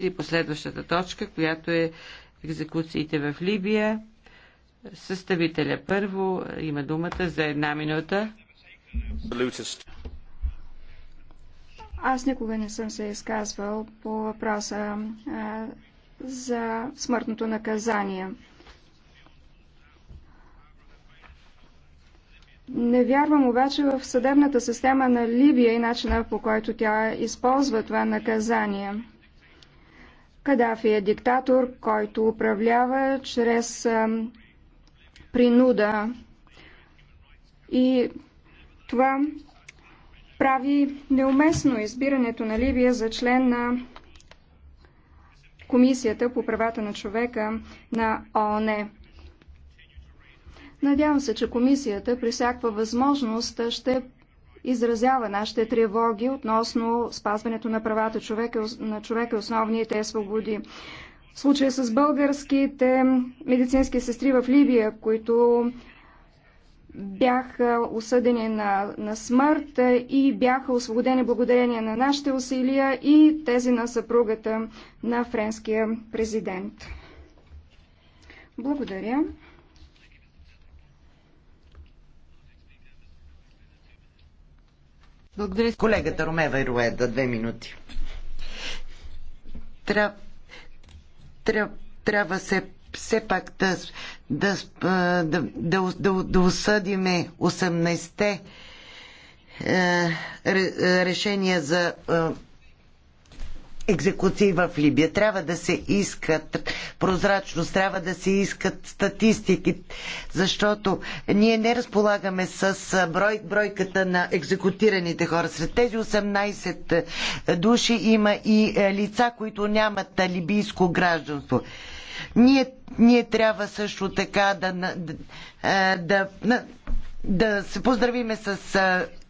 и последващата точка, която е екзекуциите в Либия. Съставителя първо има думата за една минута. Аз никога не съм се изказвал по въпроса а, за смъртното наказание. Не вярвам обаче в съдебната система на Либия и начина по който тя използва това наказание. Кадафи е диктатор, който управлява чрез принуда. И това прави неуместно избирането на Либия за член на Комисията по правата на човека на ООН. Надявам се, че комисията при всяка възможност ще изразява нашите тревоги относно спазването на правата човека, на човека и основните свободи. В случая с българските медицински сестри в Ливия, които бяха осъдени на, на смърт и бяха освободени благодарение на нашите усилия и тези на съпругата на френския президент. Благодаря. Благодаря. Колегата Ромева Руеда, две минути. Тря... Трябва се все пак да, да, да, да, да, осъдиме 18-те е, е, решения за екзекуции в Либия. Трябва да се искат прозрачност, трябва да се искат статистики, защото ние не разполагаме с брой, бройката на екзекутираните хора. Сред тези 18 души има и лица, които нямат либийско гражданство. Ние, ние трябва също така да, да, да, да се поздравиме с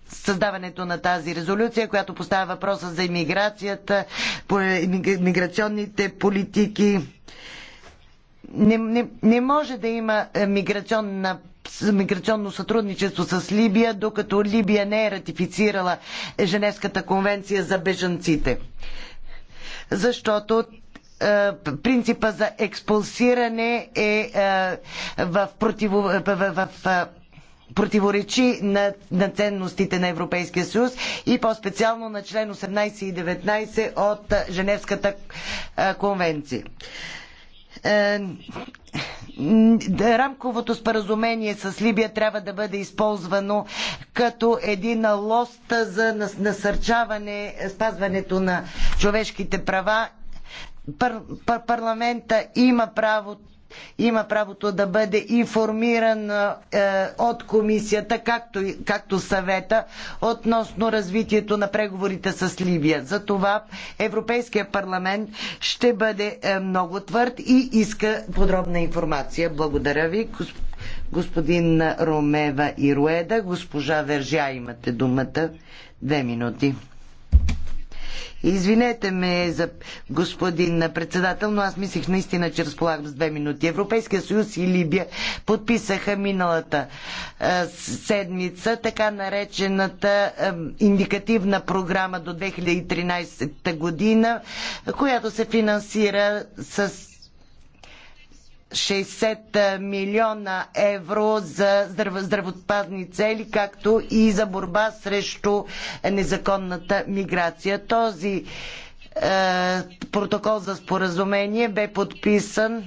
създаването на тази резолюция, която поставя въпроса за иммиграцията, миграционните политики. Не, не, не може да има е, миграционна миграционно сътрудничество с Либия, докато Либия не е ратифицирала Женевската конвенция за бежанците. Защото е, принципа за експулсиране е, е в, противо, в, в, в противоречи на, на ценностите на Европейския съюз и по-специално на член 18 и 19 от Женевската конвенция. Е, рамковото споразумение с Либия трябва да бъде използвано като един лост за насърчаване спазването на човешките права. Пар, пар, парламента има право има правото да бъде информиран е, от комисията, както, както съвета, относно развитието на преговорите с Либия. Затова Европейския парламент ще бъде е, много твърд и иска подробна информация. Благодаря ви, господин Ромева Ируеда. Госпожа Вержа, имате думата. Две минути. Извинете ме за господин председател, но аз мислих наистина, че разполагам с две минути. Европейския съюз и Либия подписаха миналата седмица така наречената индикативна програма до 2013 година, която се финансира с 60 милиона евро за здравоопазни цели, както и за борба срещу незаконната миграция. Този е, протокол за споразумение бе подписан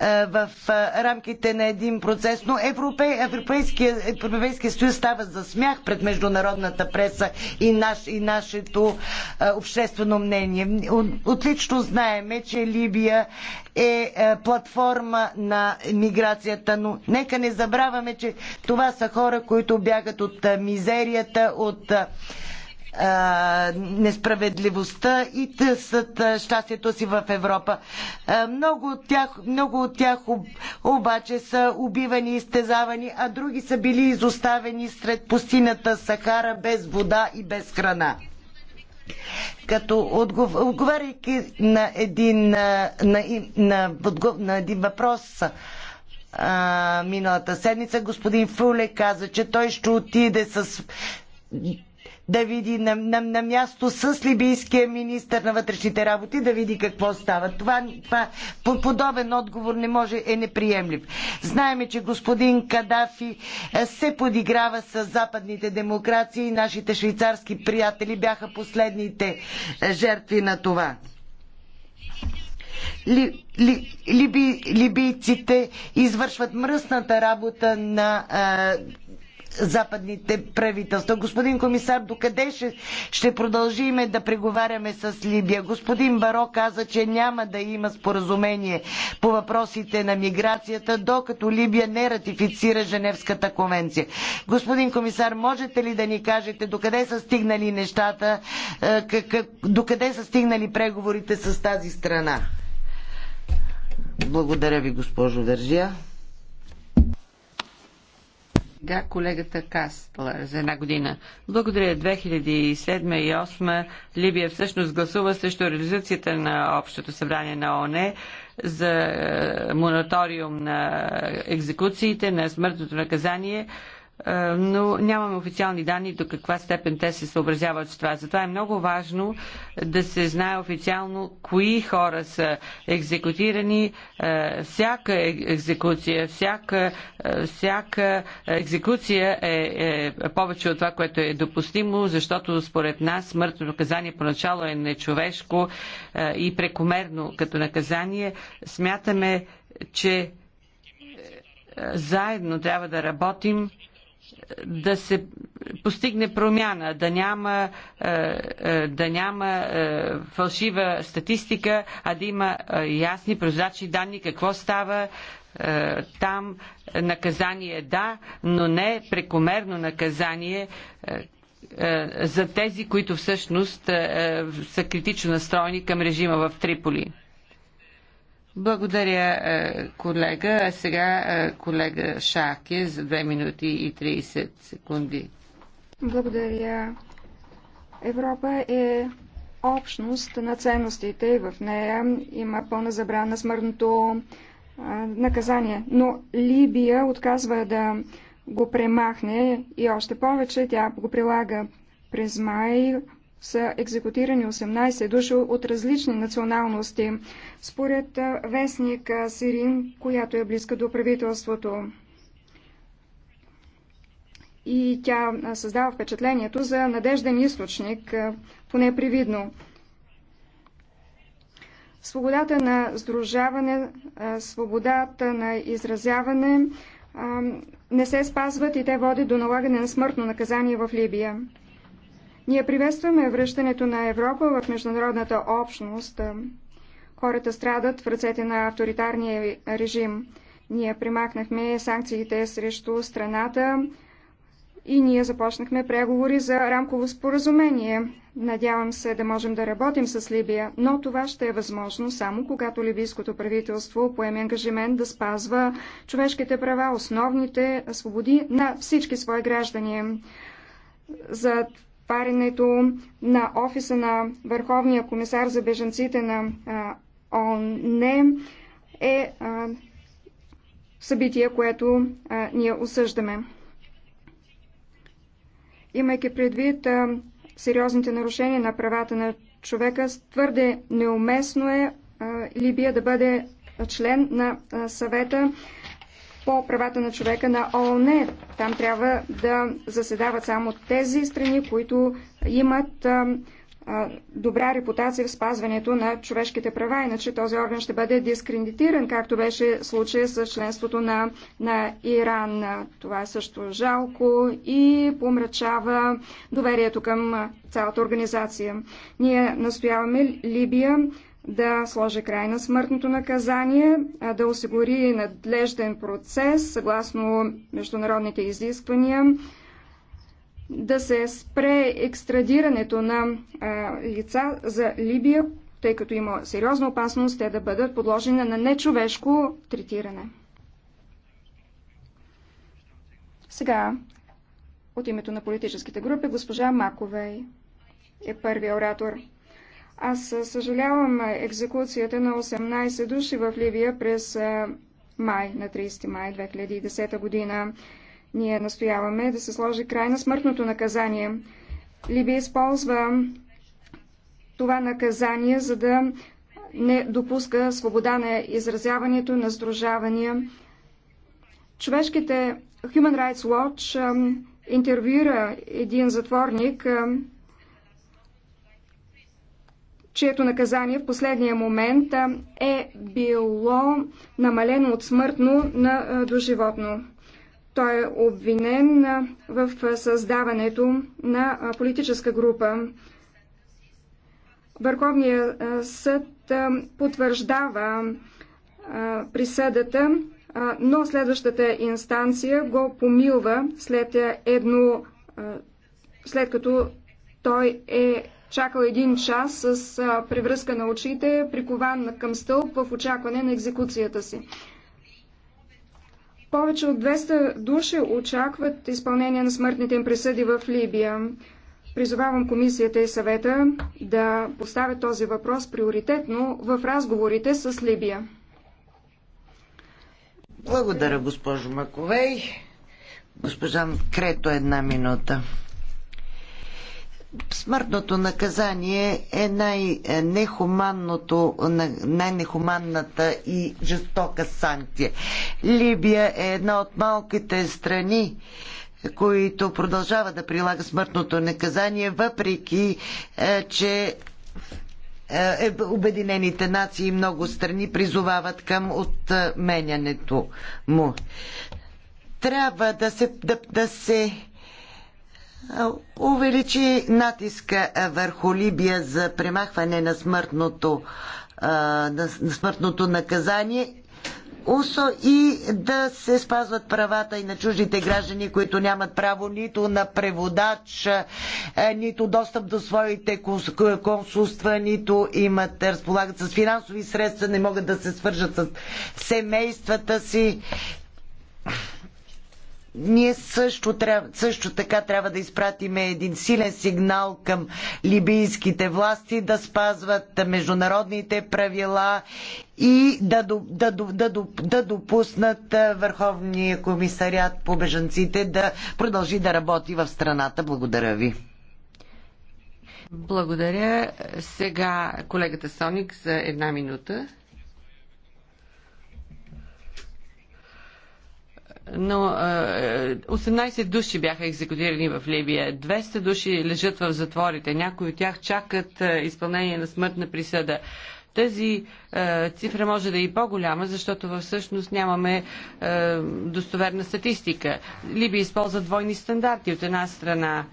е, в е, рамките на един процес, но Европейският Европейския, Европейския съюз става за смях пред международната преса и, наш, и нашето е, обществено мнение. Отлично знаеме, че Либия е платформа на миграцията, но нека не забравяме, че това са хора, които бягат от мизерията, от несправедливостта и търсят щастието си в Европа. Много от тях, много от тях обаче са убивани и изтезавани, а други са били изоставени сред пустинята Сахара без вода и без храна като отговаряйки на един, на, на, на, на един въпрос а, миналата седмица, господин Фуле каза, че той ще отиде с да види на, на, на място с либийския министр на вътрешните работи, да види какво става. Това, това подобен отговор не може, е неприемлив. Знаеме, че господин Кадафи е, се подиграва с западните демокрации и нашите швейцарски приятели бяха последните е, жертви на това. Ли, ли, либи, либийците извършват мръсната работа на а, е, западните правителства. Господин комисар, докъде ще, ще продължиме да преговаряме с Либия? Господин Баро каза, че няма да има споразумение по въпросите на миграцията, докато Либия не ратифицира Женевската конвенция. Господин комисар, можете ли да ни кажете докъде са стигнали нещата, е, докъде са стигнали преговорите с тази страна? Благодаря ви, госпожо Държия. Да, колегата Кастлер за една година. Благодаря. 2007 и 2008 Либия всъщност гласува срещу реализацията на Общото събрание на ОНЕ за е, мораториум на екзекуциите, на смъртното наказание е, но нямаме официални данни до каква степен те се съобразяват с това. Затова е много важно да се знае официално кои хора са екзекутирани. Е, всяка екзекуция, всяка, е, всяка екзекуция е, е повече от това, което е допустимо, защото според нас смъртно наказание поначало е нечовешко и прекомерно като наказание. Смятаме, че заедно трябва да работим да се постигне промяна, да няма, е, е, да няма е, фалшива статистика, а да има ясни, прозрачни данни какво става там. Наказание да, но не прекомерно наказание за тези, които всъщност са критично настроени към режима в Триполи. Благодаря, е, колега. А сега е, колега Шаке за 2 минути и 30 секунди. Благодаря. Европа е общност на ценностите и в нея има пълна забрана на смъртното е, наказание. Но Либия отказва да го премахне и още повече тя го прилага през май са екзекутирани 18 души от различни националности, според вестник Сирин, която е близка до правителството. И тя създава впечатлението за надежден източник, поне привидно. Свободата на сдружаване, свободата на изразяване не се спазват и те водят до налагане на смъртно наказание в Либия. Ние приветстваме връщането на Европа в международната общност. Хората страдат в ръцете на авторитарния режим. Ние примахнахме санкциите срещу страната и ние започнахме преговори за рамково споразумение. Надявам се да можем да работим с Либия, но това ще е възможно само когато либийското правителство поеме ангажимент да спазва човешките права, основните свободи на всички свои граждани. За отварянето на офиса на Върховния комисар за беженците на ООН е събитие, което ние осъждаме. Имайки предвид сериозните нарушения на правата на човека, твърде неуместно е Либия да бъде член на съвета по правата на човека на ООН. Там трябва да заседават само тези страни, които имат добра репутация в спазването на човешките права, иначе този орган ще бъде дискредитиран, както беше случая с членството на, на Иран. Това е също жалко и помрачава доверието към цялата организация. Ние настояваме Либия да сложи край на смъртното наказание, да осигури надлежден процес съгласно международните изисквания, да се спре екстрадирането на лица за Либия, тъй като има сериозна опасност те да бъдат подложени на нечовешко третиране. Сега от името на политическите групи госпожа Маковей е първият оратор. Аз съжалявам екзекуцията на 18 души в Ливия през е, май, на 30 май 2010 година. Ние настояваме да се сложи край на смъртното наказание. Либия използва това наказание, за да не допуска свобода на изразяването, на сдружавания. Човешките Human Rights Watch интервюира един затворник, чието наказание в последния момент е било намалено от смъртно на доживотно. Той е обвинен в създаването на политическа група. Върховният съд потвърждава присъдата, но следващата инстанция го помилва след едно, след като той е чакал един час с превръзка на очите, прикован към стълб в очакване на екзекуцията си. Повече от 200 души очакват изпълнение на смъртните им присъди в Либия. Призовавам комисията и съвета да поставят този въпрос приоритетно в разговорите с Либия. Благодаря, госпожо Маковей. Госпожа Крето, една минута. Смъртното наказание е най-нехуманното, най-нехуманната и жестока санкция. Либия е една от малките страни, които продължава да прилага смъртното наказание, въпреки е, че е, е, Обединените нации и много страни призовават към отменянето му. Трябва да се, да, да се увеличи натиска върху Либия за премахване на смъртното, на смъртното наказание УСО и да се спазват правата и на чуждите граждани, които нямат право нито на преводач, нито достъп до своите консулства, нито имат, разполагат с финансови средства, не могат да се свържат с семействата си ние също, трябва, също така трябва да изпратиме един силен сигнал към либийските власти да спазват международните правила и да, да, да, да допуснат Върховния комисарят по бежанците да продължи да работи в страната. Благодаря ви. Благодаря. Сега колегата Соник за една минута. но 18 е, души бяха екзекутирани в Либия. 200 души лежат в затворите. Някои от тях чакат изпълнение на смъртна присъда. Тази е, цифра може да е и по-голяма, защото всъщност нямаме е, достоверна статистика. Либия използва двойни стандарти. От една страна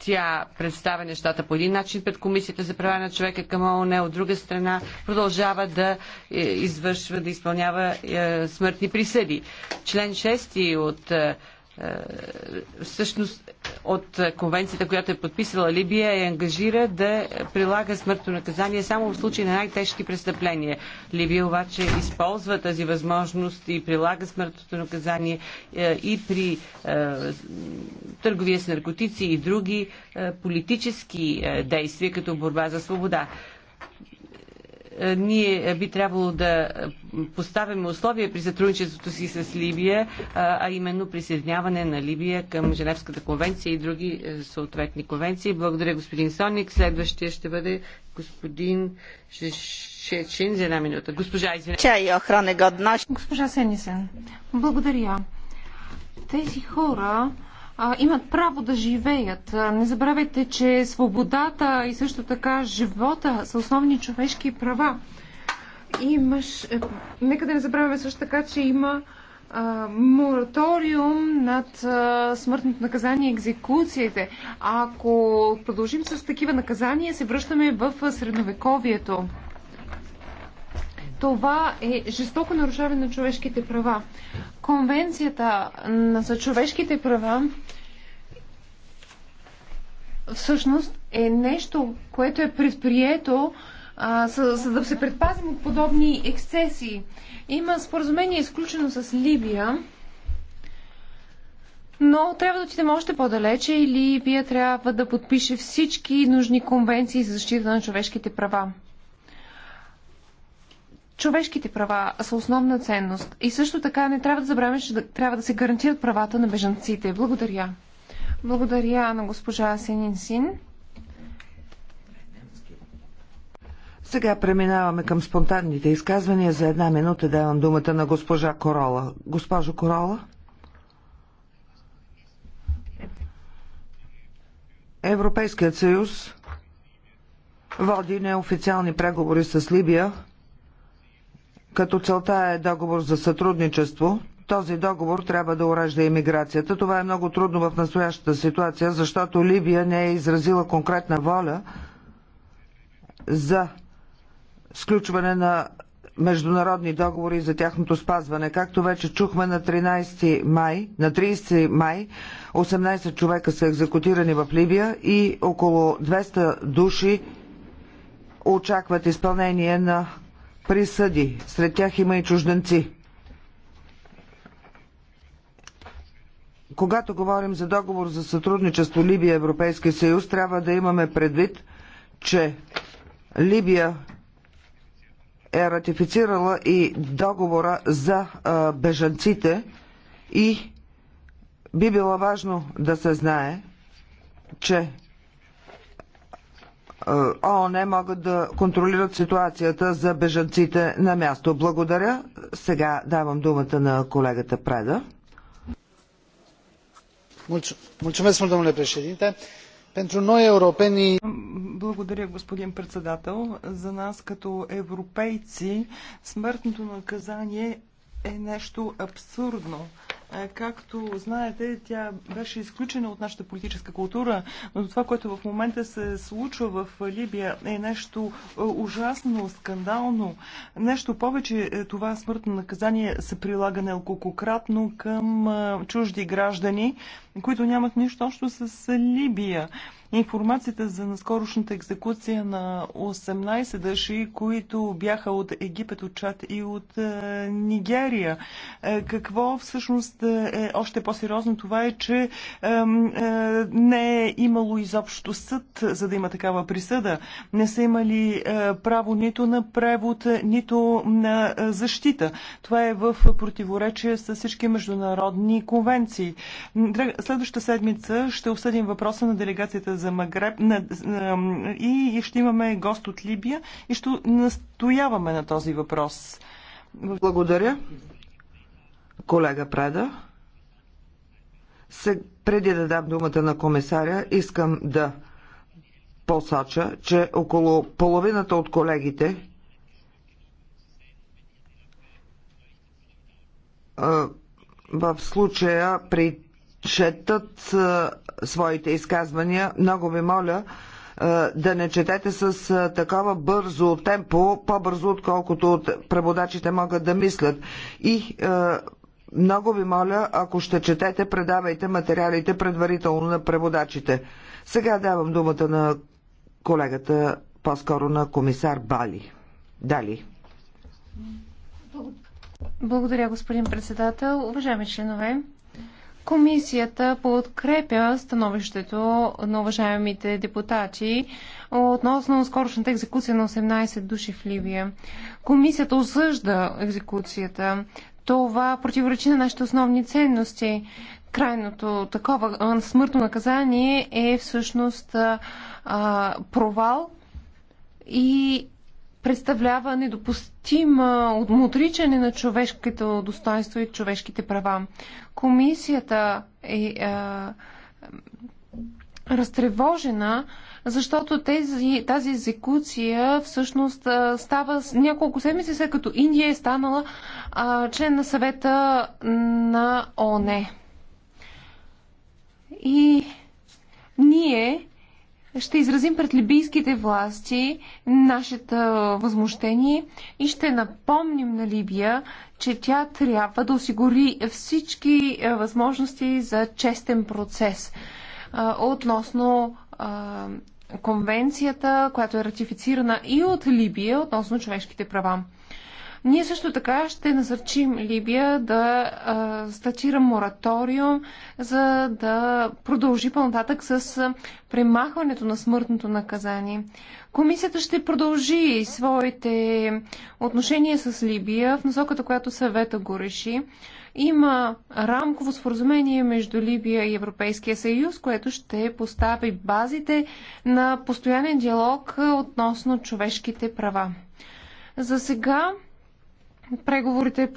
тя представя нещата по един начин пред Комисията за права на човека към ООН, от друга страна продължава да е, извършва, да изпълнява е, смъртни присъди. Член 6 от е, е, всъщност от конвенцията, която е подписала Либия, е ангажира да прилага смъртно наказание само в случай на най-тежки престъпления. Либия обаче използва тази възможност и прилага смъртното наказание е, и при е, търговия с наркотици и други политически действия, като борба за свобода. Е, ние е, би трябвало да поставяме условия при сътрудничеството си с Либия, е, а именно присъединяване на Либия към Женевската конвенция и други съответни конвенции. Благодаря, господин Соник. Следващия ще бъде господин Шечин за една минута. Госпожа, извинете. Чай, охране годна. Госпожа Сенисен, благодаря. Тези хора а, имат право да живеят. Не забравяйте, че свободата и също така живота са основни човешки права. Имаш. Е, нека да не забравяме също така, че има а, мораториум над а, смъртното наказание и екзекуциите. Ако продължим с такива наказания, се връщаме в средновековието. Това е жестоко нарушаване на човешките права. Конвенцията за човешките права всъщност е нещо, което е предприето за, за да се предпазим от подобни ексцесии. Има споразумение изключено с Либия, но трябва да отидем още по-далече и Либия трябва да подпише всички нужни конвенции за защита на човешките права човешките права са основна ценност и също така не трябва да забравяме, че трябва да се гарантират правата на бежанците. Благодаря. Благодаря на госпожа Сенин Син. Сега преминаваме към спонтанните изказвания. За една минута давам думата на госпожа Корола. Госпожо Корола? Европейският съюз води неофициални преговори с Либия – като целта е договор за сътрудничество, този договор трябва да урежда имиграцията. Това е много трудно в настоящата ситуация, защото Либия не е изразила конкретна воля за сключване на международни договори за тяхното спазване. Както вече чухме на 13 май, на 30 май 18 човека са екзекутирани в Либия и около 200 души очакват изпълнение на присъди. Сред тях има и чужденци. Когато говорим за договор за сътрудничество Либия Европейския съюз, трябва да имаме предвид, че Либия е ратифицирала и договора за а, бежанците и би било важно да се знае, че е, ООН могат да контролират ситуацията за бежанците на място. Благодаря. Сега давам думата на колегата Преда. Благодаря, господин председател. За нас като европейци смъртното наказание е нещо абсурдно. Както знаете, тя беше изключена от нашата политическа култура, но това, което в момента се случва в Либия е нещо е, ужасно, скандално. Нещо повече, е, това смъртно наказание се прилага неколкократно към е, чужди граждани, които нямат нищо общо с Либия. Информацията за наскорошната екзекуция на 18 дъши, които бяха от Египет, от Чад и от е, Нигерия. Е, какво всъщност е, е още по-сериозно? Това е, че е, е, не е имало изобщо съд, за да има такава присъда. Не са имали е, право нито на превод, нито на е, защита. Това е в противоречие с всички международни конвенции. Следващата седмица ще обсъдим въпроса на делегацията за Магреб на, на, и ще имаме гост от Либия и ще настояваме на този въпрос. Благодаря. Колега Преда. Сег, преди да дам думата на комисаря, искам да посоча, че около половината от колегите в случая при четат своите изказвания. Много ви моля да не четете с такова бързо темпо, по-бързо отколкото от преводачите могат да мислят. И много ви моля, ако ще четете, предавайте материалите предварително на преводачите. Сега давам думата на колегата, по-скоро на комисар Бали. Дали. Благодаря, господин председател. Уважаеми членове, Комисията подкрепя становището на уважаемите депутати относно скорошната екзекуция на 18 души в Ливия. Комисията осъжда екзекуцията. Това противоречи на нашите основни ценности. Крайното такова смъртно наказание е всъщност а, провал и представлява недопустима отричане на човешкото достоинство и човешките права. Комисията е а, разтревожена, защото тези, тази екзекуция всъщност става няколко седмици след като Индия е станала а, член на съвета на ОНЕ. И ние ще изразим пред либийските власти нашето възмущение и ще напомним на Либия, че тя трябва да осигури всички е, възможности за честен процес е, относно е, конвенцията, която е ратифицирана и от Либия относно човешките права. Ние също така ще насърчим Либия да а, статира мораториум, за да продължи по-нататък с премахването на смъртното наказание. Комисията ще продължи своите отношения с Либия в насоката, която съвета го реши. Има рамково споразумение между Либия и Европейския съюз, което ще постави базите на постоянен диалог относно човешките права. За сега преговорите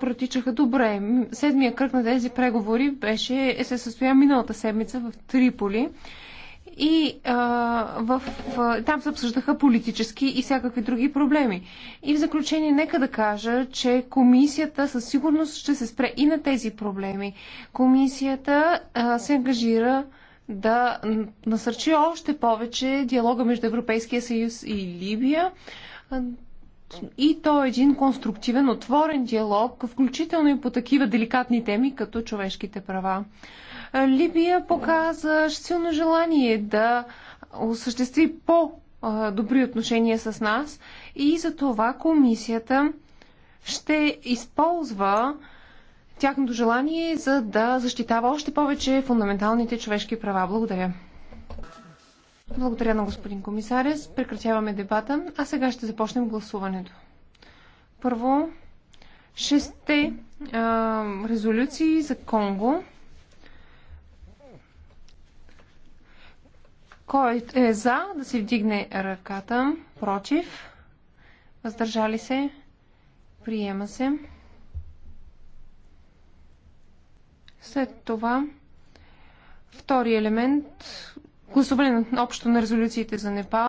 протичаха добре. Седмия кръг на тези преговори беше, се състоя миналата седмица в Триполи. И а, в, в, там се обсъждаха политически и всякакви други проблеми. И в заключение, нека да кажа, че комисията със сигурност ще се спре и на тези проблеми. Комисията а, се ангажира да насърчи още повече диалога между Европейския съюз и Либия и то е един конструктивен, отворен диалог, включително и по такива деликатни теми, като човешките права. Либия показа силно желание да осъществи по-добри отношения с нас и за това комисията ще използва тяхното желание, за да защитава още повече фундаменталните човешки права. Благодаря. Благодаря на господин комисарес. Прекратяваме дебата, а сега ще започнем гласуването. Първо, шесте а, резолюции за Конго. Кой е за да се вдигне ръката? Против? Въздържали се? Приема се. След това втори елемент гласуване общо на резолюциите за Непал.